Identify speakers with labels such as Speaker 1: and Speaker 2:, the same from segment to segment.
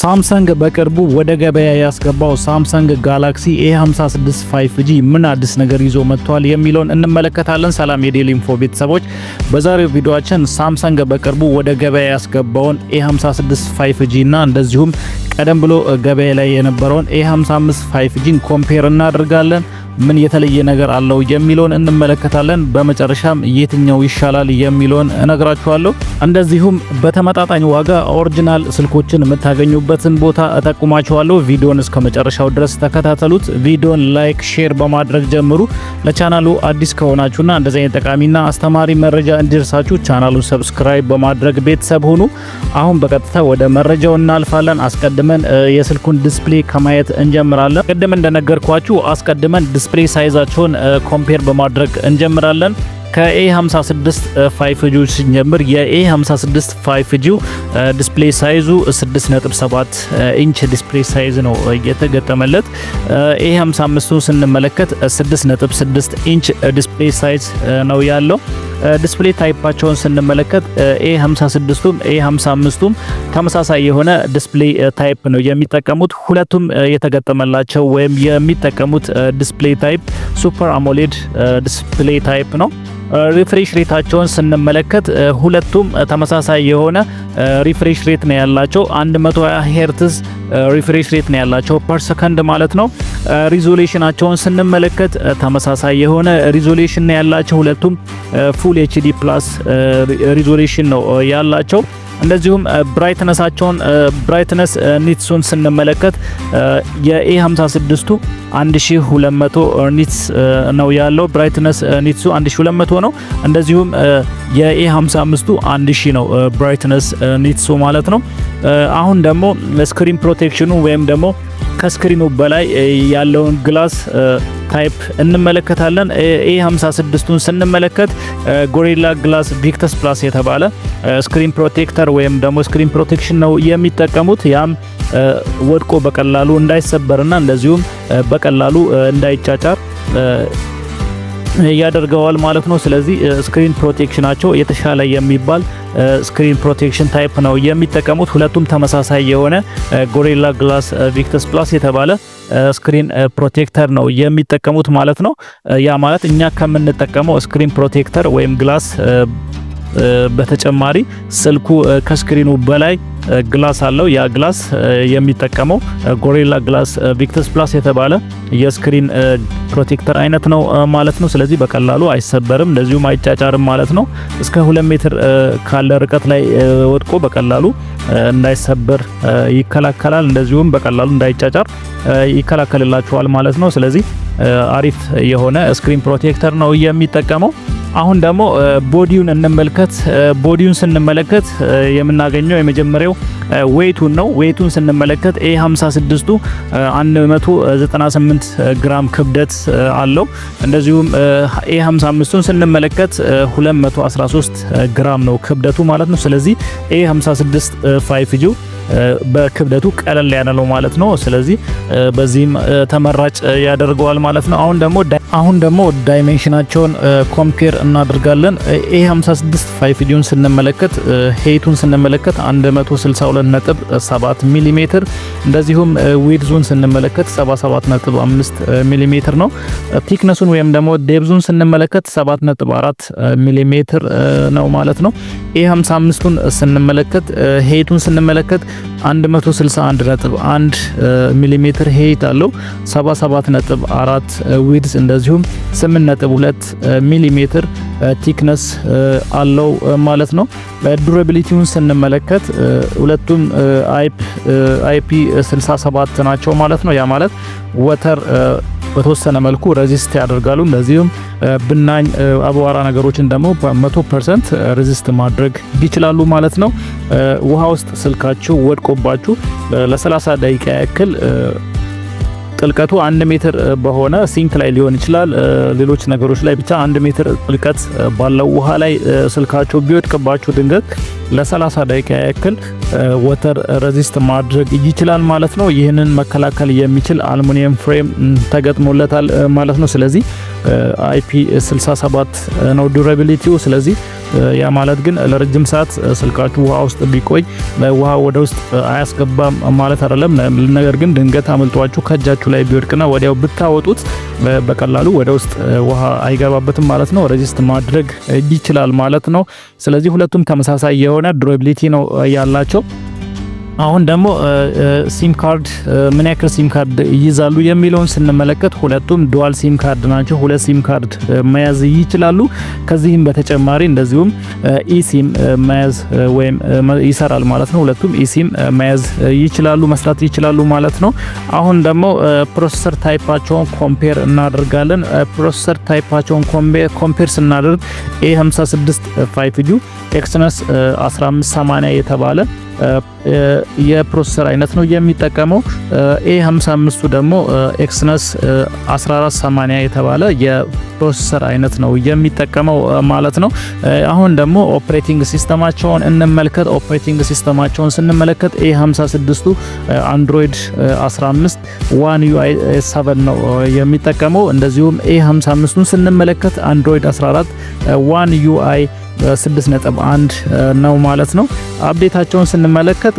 Speaker 1: ሳምሰንግ በቅርቡ ወደ ገበያ ያስገባው ሳምሰንግ ጋላክሲ ኤ56 5G ምን አዲስ ነገር ይዞ መጥቷል የሚለውን እንመለከታለን። ሰላም የዴሊ ኢንፎ ቤተሰቦች፣ በዛሬው ቪዲዮአችን ሳምሰንግ በቅርቡ ወደ ገበያ ያስገባውን ኤ56 5G እና እንደዚሁም ቀደም ብሎ ገበያ ላይ የነበረውን ኤ55 5 g ኮምፔር እናደርጋለን። ምን የተለየ ነገር አለው የሚለውን እንመለከታለን። በመጨረሻም የትኛው ይሻላል የሚለውን እነግራችኋለሁ። እንደዚሁም በተመጣጣኝ ዋጋ ኦሪጂናል ስልኮችን የምታገኙበትን ቦታ እጠቁማችኋለሁ። ቪዲዮን እስከ መጨረሻው ድረስ ተከታተሉት። ቪዲዮን ላይክ፣ ሼር በማድረግ ጀምሩ። ለቻናሉ አዲስ ከሆናችሁና እንደዚህ አይነት ጠቃሚና አስተማሪ መረጃ እንዲደርሳችሁ ቻናሉን ሰብስክራይብ በማድረግ ቤተሰብ ሁኑ። አሁን በቀጥታ ወደ መረጃው እናልፋለን። አስቀድመን የስልኩን ዲስፕሌይ ከማየት እንጀምራለን። ቅድም እንደነገርኳችሁ አስቀድመን ስፕሬ ሳይዛቸውን ኮምፔር uh, በማድረግ እንጀምራለን። ከኤ56 5G ስንጀምር የኤ56 5G ዲስፕሌይ ሳይዙ 6.7 ኢንች ዲስፕሌይ ሳይዝ ነው የተገጠመለት። ኤ55ን ስንመለከት 6.6 ኢንች ዲስፕሌይ ሳይዝ ነው ያለው። ዲስፕሌይ ታይፓቸውን ስንመለከት ኤ56ቱም ኤ55ቱም ተመሳሳይ የሆነ ዲስፕሌይ ታይፕ ነው የሚጠቀሙት። ሁለቱም የተገጠመላቸው ወይም የሚጠቀሙት ዲስፕሌይ ታይፕ ሱፐር አሞሌድ ዲስፕሌይ ታይፕ ነው። ሪፍሬሽ ሬታቸውን ስንመለከት ሁለቱም ተመሳሳይ የሆነ ሪፍሬሽ ሬት ነው ያላቸው 120 ሄርትዝ ሪፍሬሽ ሬት ነው ያላቸው ፐር ሰከንድ ማለት ነው። ሪዞሌሽናቸውን ስንመለከት ተመሳሳይ የሆነ ሪዞሌሽን ነው ያላቸው ሁለቱም ፉል ኤችዲ ፕላስ ሪዞሌሽን ነው ያላቸው። እንደዚሁም ብራይትነሳቸውን ብራይትነስ ኒትሱን ስንመለከት የኤ56ቱ 1200 ኒትስ ነው ያለው። ብራይትነስ ኒትሱ 1200 ነው። እንደዚሁም የኤ55ቱ 1000 ነው ብራይትነስ ኒትሱ ማለት ነው። አሁን ደግሞ ስክሪን ፕሮቴክሽኑ ወይም ደግሞ ከስክሪኑ በላይ ያለውን ግላስ ታይፕ እንመለከታለን። ኤ56ቱን ስንመለከት ጎሪላ ግላስ ቪክተስ ፕላስ የተባለ ስክሪን ፕሮቴክተር ወይም ደግሞ ስክሪን ፕሮቴክሽን ነው የሚጠቀሙት። ያም ወድቆ በቀላሉ እንዳይሰበርና እንደዚሁም በቀላሉ እንዳይጫጫር ያደርገዋል ማለት ነው። ስለዚህ ስክሪን ፕሮቴክሽናቸው የተሻለ የሚባል ስክሪን ፕሮቴክሽን ታይፕ ነው የሚጠቀሙት። ሁለቱም ተመሳሳይ የሆነ ጎሪላ ግላስ ቪክተስ ፕላስ የተባለ ስክሪን ፕሮቴክተር ነው የሚጠቀሙት ማለት ነው። ያ ማለት እኛ ከምንጠቀመው ስክሪን ፕሮቴክተር ወይም ግላስ በተጨማሪ ስልኩ ከስክሪኑ በላይ ግላስ አለው። ያ ግላስ የሚጠቀመው ጎሪላ ግላስ ቪክተስ ፕላስ የተባለ የስክሪን ፕሮቴክተር አይነት ነው ማለት ነው። ስለዚህ በቀላሉ አይሰበርም፣ እንደዚሁም አይጫጫርም ማለት ነው። እስከ 2 ሜትር ካለ ርቀት ላይ ወድቆ በቀላሉ እንዳይሰበር ይከላከላል። እንደዚሁም በቀላሉ እንዳይጫጫር ይከላከልላችኋል ማለት ነው። ስለዚህ አሪፍ የሆነ ስክሪን ፕሮቴክተር ነው የሚጠቀመው። አሁን ደግሞ ቦዲውን እንመልከት። ቦዲውን ስንመለከት የምናገኘው የመጀመሪያው ዌይቱን ነው። ዌይቱን ስንመለከት ኤ 56ቱ 198 ግራም ክብደት አለው። እንደዚሁም ኤ 55ቱን ስንመለከት 213 ግራም ነው ክብደቱ ማለት ነው። ስለዚህ ኤ 56 5 ጂው በክብደቱ ቀለል ያለ ነው ማለት ነው። ስለዚህ በዚህም ተመራጭ ያደርገዋል ማለት ነው። አሁን ደግሞ አሁን ደግሞ ዳይሜንሽናቸውን ኮምፔር እናደርጋለን። ኤ 56 ፋይቪዲውን ስንመለከት ሄይቱን ስንመለከት 162.7 7 ሜትር እንደዚሁም ዊድዙን ስንመለከት 77.5 ሚሊ ሜትር ነው። ቲክነሱን ወይም ደግሞ ዴብዙን ስንመለከት 7.4 ሚሊ ሜትር ነው ማለት ነው። ኤ 55ቱን ስንመለከት ሄይቱን ስንመለከት 161.1 ሚሜ ሄይት አለው። 77.4 ዊድስ እንደዚሁም 8.2 ሚሜ ቲክነስ አለው ማለት ነው። ዱራቢሊቲውን ስንመለከት ሁለቱም አይፒ 67 ናቸው ማለት ነው። ያ ማለት ወተር በተወሰነ መልኩ ረዚስት ያደርጋሉ። እንደዚሁም ብናኝ አቧራ ነገሮችን ደግሞ መቶ ፐርሰንት ሬዚስት ማድረግ ይችላሉ ማለት ነው። ውሃ ውስጥ ስልካችሁ ወድቆባችሁ ለ30 ደቂቃ ያክል ጥልቀቱ አንድ ሜትር በሆነ ሲንክ ላይ ሊሆን ይችላል፣ ሌሎች ነገሮች ላይ ብቻ አንድ ሜትር ጥልቀት ባለው ውሃ ላይ ስልካቸው ቢወድቅባቸው ድንገት ለ30 ደቂቃ ያክል ወተር ረዚስት ማድረግ ይችላል ማለት ነው። ይህንን መከላከል የሚችል አልሙኒየም ፍሬም ተገጥሞለታል ማለት ነው። ስለዚህ አይፒ 67 ነው ዱራቢሊቲው። ስለዚህ ያ ማለት ግን ለረጅም ሰዓት ስልካችሁ ውሃ ውስጥ ቢቆይ ውሃ ወደ ውስጥ አያስገባም ማለት አይደለም። ነገር ግን ድንገት አምልጧችሁ ከእጃችሁ ላይ ቢወድቅና ወዲያው ብታወጡት በቀላሉ ወደ ውስጥ ውሃ አይገባበትም ማለት ነው። ሬዚስት ማድረግ ይችላል ማለት ነው። ስለዚህ ሁለቱም ተመሳሳይ የሆነ ዱራቢሊቲ ነው ያላቸው። ናቸው። አሁን ደግሞ ሲም ካርድ ምን ያክል ሲም ካርድ ይይዛሉ የሚለውን ስንመለከት ሁለቱም ዱዋል ሲም ካርድ ናቸው። ሁለት ሲም ካርድ መያዝ ይችላሉ። ከዚህም በተጨማሪ እንደዚሁም ኢሲም መያዝ ወይም ይሰራል ማለት ነው። ሁለቱም ኢሲም መያዝ ይችላሉ፣ መስራት ይችላሉ ማለት ነው። አሁን ደግሞ ፕሮሰሰር ታይፓቸውን ኮምፔር እናደርጋለን። ፕሮሰሰር ታይፓቸውን ኮምፔር ስናደርግ ኤ56 5ጂ ኤክስነስ 1580 የተባለ የፕሮሰሰር አይነት ነው የሚጠቀመው። ኤ55ቱ ደግሞ ኤክስነስ 1480 የተባለ የፕሮሰሰር አይነት ነው የሚጠቀመው ማለት ነው። አሁን ደግሞ ኦፕሬቲንግ ሲስተማቸውን እንመልከት። ኦፕሬቲንግ ሲስተማቸውን ስንመለከት ኤ56ቱ አንድሮይድ 15 ዋን ዩአይ 7 ነው የሚጠቀመው። እንደዚሁም ኤ55ቱን ስንመለከት አንድሮይድ 14 ዋን ዩአይ በ6.1 uh, ነው ማለት ነው። አፕዴታቸውን ስንመለከት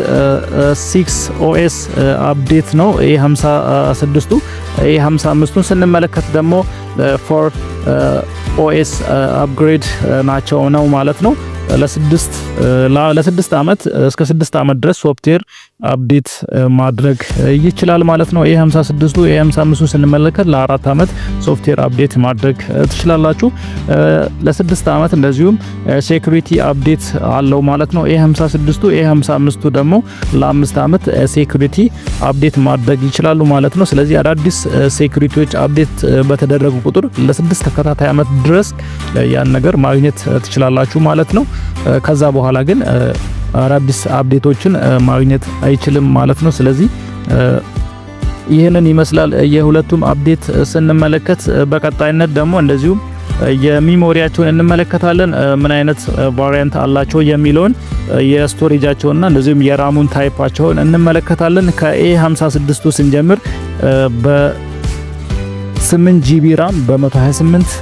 Speaker 1: 6 ኦኤስ አፕዴት ነው የ56ቱ። uh, የ55ቱን ስንመለከት ደግሞ ፎር ኦኤስ አፕግሬድ ናቸው ነው ማለት ነው። ለስድስት ዓመት uh, እስከ ስድስት ዓመት ድረስ ሶፍትዌር አፕዴት ማድረግ ይችላል ማለት ነው። ኤ56ቱ ኤ55ቱ ስንመለከት ለአራት ዓመት ሶፍትዌር አፕዴት ማድረግ ትችላላችሁ። ለስድስት ዓመት እንደዚሁም ሴኩሪቲ አፕዴት አለው ማለት ነው። ኤ56ቱ ኤ55ቱ ደግሞ ለአምስት ዓመት ሴኩሪቲ አፕዴት ማድረግ ይችላሉ ማለት ነው። ስለዚህ አዳዲስ ሴኩሪቲዎች አፕዴት በተደረጉ ቁጥር ለስድስት ተከታታይ ዓመት ድረስ ያን ነገር ማግኘት ትችላላችሁ ማለት ነው። ከዛ በኋላ ግን አዳዲስ አፕዴቶችን ማግኘት አይችልም ማለት ነው። ስለዚህ ይህንን ይመስላል የሁለቱም አፕዴት ስንመለከት። በቀጣይነት ደግሞ እንደዚሁ የሚሞሪያቸውን እንመለከታለን። ምን አይነት ቫሪያንት አላቸው የሚለውን የስቶሬጃቸውና እንደዚሁም የራሙን ታይፓቸውን እንመለከታለን። ከኤ 56ቱ ስንጀምር በ 8 ጂቢ ራም በ128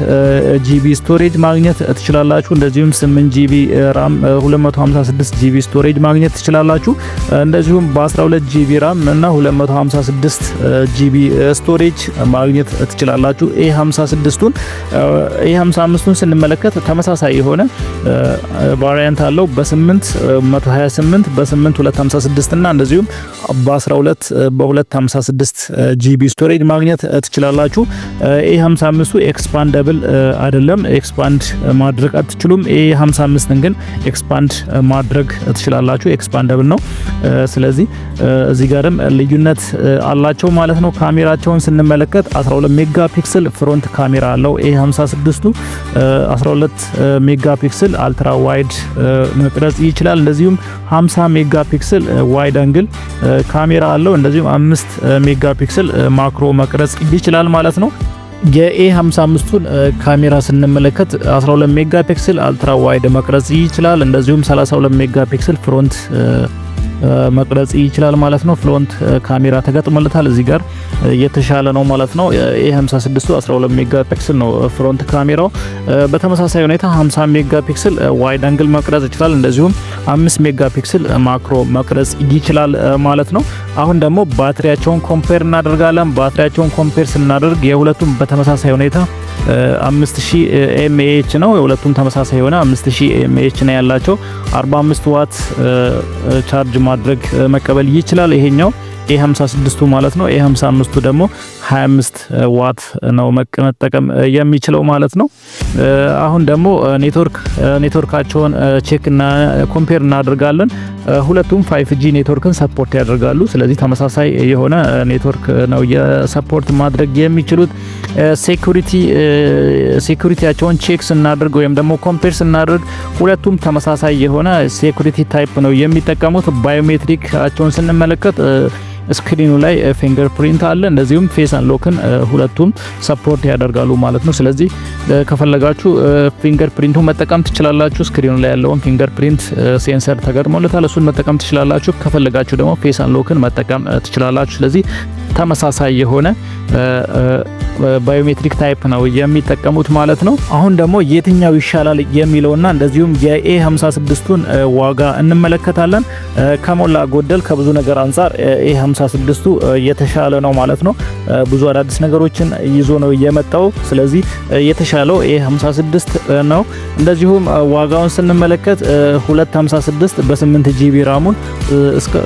Speaker 1: ጂቢ ስቶሬጅ ማግኘት ትችላላችሁ። እንደዚሁም 8 ጂቢ ራም 256 ጂቢ ስቶሬጅ ማግኘት ትችላላችሁ። እንደዚሁም በ12 ጂቢ ራም እና 256 ጂቢ ስቶሬጅ ማግኘት ትችላላችሁ። ኤ56ቱን ኤ55ቱን ስንመለከት ተመሳሳይ የሆነ ቫሪያንት አለው በ8 128 በ8 256 እና እንደዚሁም በ12 በ256 ጂቢ ስቶሬጅ ማግኘት ትችላላችሁ። ኤ 55ቱ ኤክስፓንደብል አይደለም፣ ኤክስፓንድ ማድረግ አትችሉም። ኤ 55ን ግን ኤክስፓንድ ማድረግ ትችላላችሁ። ኤክስፓንደብል ነው። ስለዚህ እዚህ ጋርም ልዩነት አላቸው ማለት ነው። ካሜራቸውን ስንመለከት 12 ሜጋ ፒክስል ፍሮንት ካሜራ አለው። ኤ 56ቱ 12 ሜጋ ፒክስል አልትራ ዋይድ መቅረጽ ይችላል። እንደዚሁም 50 ሜጋ ፒክስል ዋይድ አንግል ካሜራ አለው። እንደዚሁም 5 ሜጋ ፒክስል ማክሮ መቅረጽ ይችላል ማለት ነው። የኤ 55ቱን ካሜራ ስንመለከት 12 ሜጋ ፒክስል አልትራ ዋይድ መቅረጽ ይችላል። እንደዚሁም 32 ሜጋ ፒክስል ፍሮንት መቅረጽ ይችላል ማለት ነው። ፍሎንት ካሜራ ተገጥሞለታል እዚህ ጋር የተሻለ ነው ማለት ነው። ኤ56 12 ሜጋ ፒክስል ነው ፍሮንት ካሜራው። በተመሳሳይ ሁኔታ 50 ሜጋ ፒክስል ዋይድ አንግል መቅረጽ ይችላል። እንደዚሁም 5 ሜጋ ፒክስል ማክሮ መቅረጽ ይችላል ማለት ነው። አሁን ደግሞ ባትሪያቸውን ኮምፔር እናደርጋለን። ባትሪያቸውን ኮምፔር ስናደርግ የሁለቱም በተመሳሳይ ሁኔታ 5000 ኤምኤች ነው። የሁለቱም ተመሳሳይ የሆነ 5000 ኤምኤች ነው ያላቸው። 45 ዋት ቻርጅ ማድረግ መቀበል ይችላል ይሄኛው ኤ56ቱ ማለት ነው። ኤ55ቱ ደግሞ 25 ዋት ነው መጠቀም የሚችለው ማለት ነው። አሁን ደግሞ ኔትወርክ ኔትወርካቸውን ቼክ እና ኮምፔር እናደርጋለን። ሁለቱም 5G ኔትወርክን ሰፖርት ያደርጋሉ። ስለዚህ ተመሳሳይ የሆነ ኔትወርክ ነው የሰፖርት ማድረግ የሚችሉት። ሴኩሪቲ ሴኩሪቲያቸውን ቼክ ስናደርግ ወይም ደግሞ ኮምፔር ስናደርግ ሁለቱም ተመሳሳይ የሆነ ሴኩሪቲ ታይፕ ነው የሚጠቀሙት። ባዮሜትሪካቸውን ስንመለከት ስክሪኑ ላይ ፊንገር ፕሪንት አለ። እንደዚሁም ፌስ አንሎክን ሁለቱም ሰፖርት ያደርጋሉ ማለት ነው። ስለዚህ ከፈለጋችሁ ፊንገር ፕሪንቱ መጠቀም ትችላላችሁ። ስክሪኑ ላይ ያለውን ፊንገር ፕሪንት ሴንሰር ተገጥሞለታል፣ እሱን መጠቀም ትችላላችሁ። ከፈለጋችሁ ደግሞ ፌስ አንሎክን መጠቀም ትችላላችሁ። ስለዚህ ተመሳሳይ የሆነ ባዮሜትሪክ ታይፕ ነው የሚጠቀሙት ማለት ነው። አሁን ደግሞ የትኛው ይሻላል የሚለውና እንደዚሁም የኤ 56ቱን ዋጋ እንመለከታለን። ከሞላ ጎደል ከብዙ ነገር አንጻር ኤ 56 ቱ የተሻለ ነው ማለት ነው። ብዙ አዳዲስ ነገሮችን ይዞ ነው የመጣው። ስለዚህ የተሻለው ይሄ 56 ነው። እንደዚሁም ዋጋውን ስንመለከት 256 በ8 ጂቢ ራሙን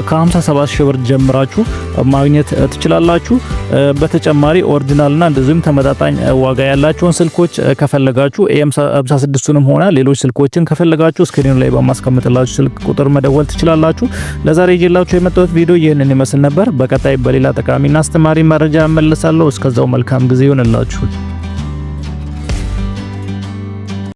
Speaker 1: ከ57 ሺህ ብር ጀምራችሁ ማግኘት ትችላላችሁ። በተጨማሪ ኦሪጂናልና እንደዚሁም ተመጣጣኝ ዋጋ ያላቸውን ስልኮች ከፈለጋችሁ ኤም56ቱንም ሆነ ሌሎች ስልኮችን ከፈለጋችሁ ስክሪኑ ላይ በማስቀምጥላችሁ ስልክ ቁጥር መደወል ትችላላችሁ። ለዛሬ ይዤላችሁ የመጣሁት ቪዲዮ ይህንን ይመስል ነበር። ነበር። በቀጣይ በሌላ ጠቃሚና አስተማሪ መረጃ እመለሳለሁ። እስከዛው መልካም ጊዜ ይሁንላችሁ።